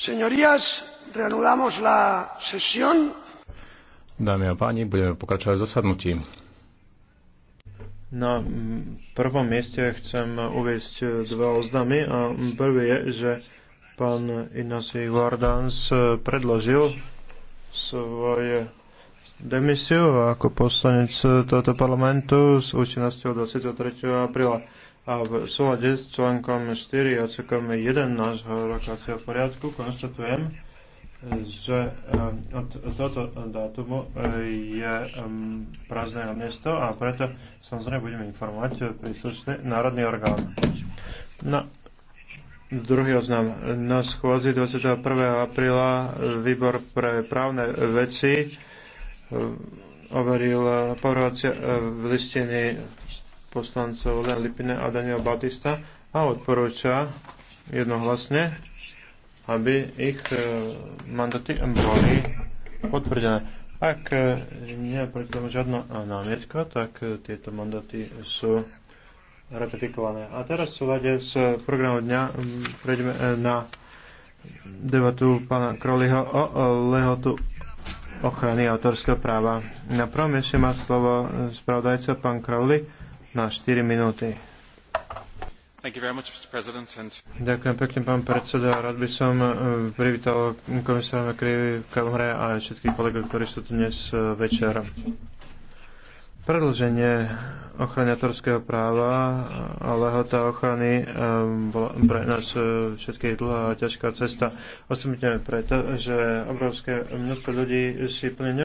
Señorías, reanudamos la sesión. Dámy a páni, budeme pokračovať v zasadnutí. Na mm, prvom mieste chcem uviesť eh, dva oznamy a mm, prvý je, že pán Ignacy Guardans eh, predložil svoje demisiu ako poslanec eh, tohto parlamentu s účinnosťou 23. apríla a v súlade s článkom 4 a článkom 1 nášho rokovacieho poriadku konštatujem, že eh, od tohto dátumu eh, je prázdne miesto a preto samozrejme budeme informovať príslušný národný orgán. No, Druhý oznam. Na schôdzi 21. apríla výbor pre právne veci eh, overil povrhovacie listiny poslancov Len Lipine a Daniel Batista a odporúča jednohlasne, aby ich e, mandaty boli potvrdené. Ak e, nie je proti tomu žiadna námietka, tak e, tieto mandaty sú ratifikované. A teraz v súlade s programom dňa prejdeme na debatu pána Kroliho o lehotu ochrany autorského práva. Na prvom mieste má slovo spravodajca pán Crowley na 4 minúty. Much, And... Ďakujem pekne, pán predseda. Rád by som e, privítal komisára Krivy v Kalmre a všetkých kolegov, ktorí sú tu dnes e, večer. Predlženie autorského práva a lehota ochrany e, bola pre nás všetky dlhá a ťažká cesta. Osobitne preto, že obrovské množstvo ľudí si plne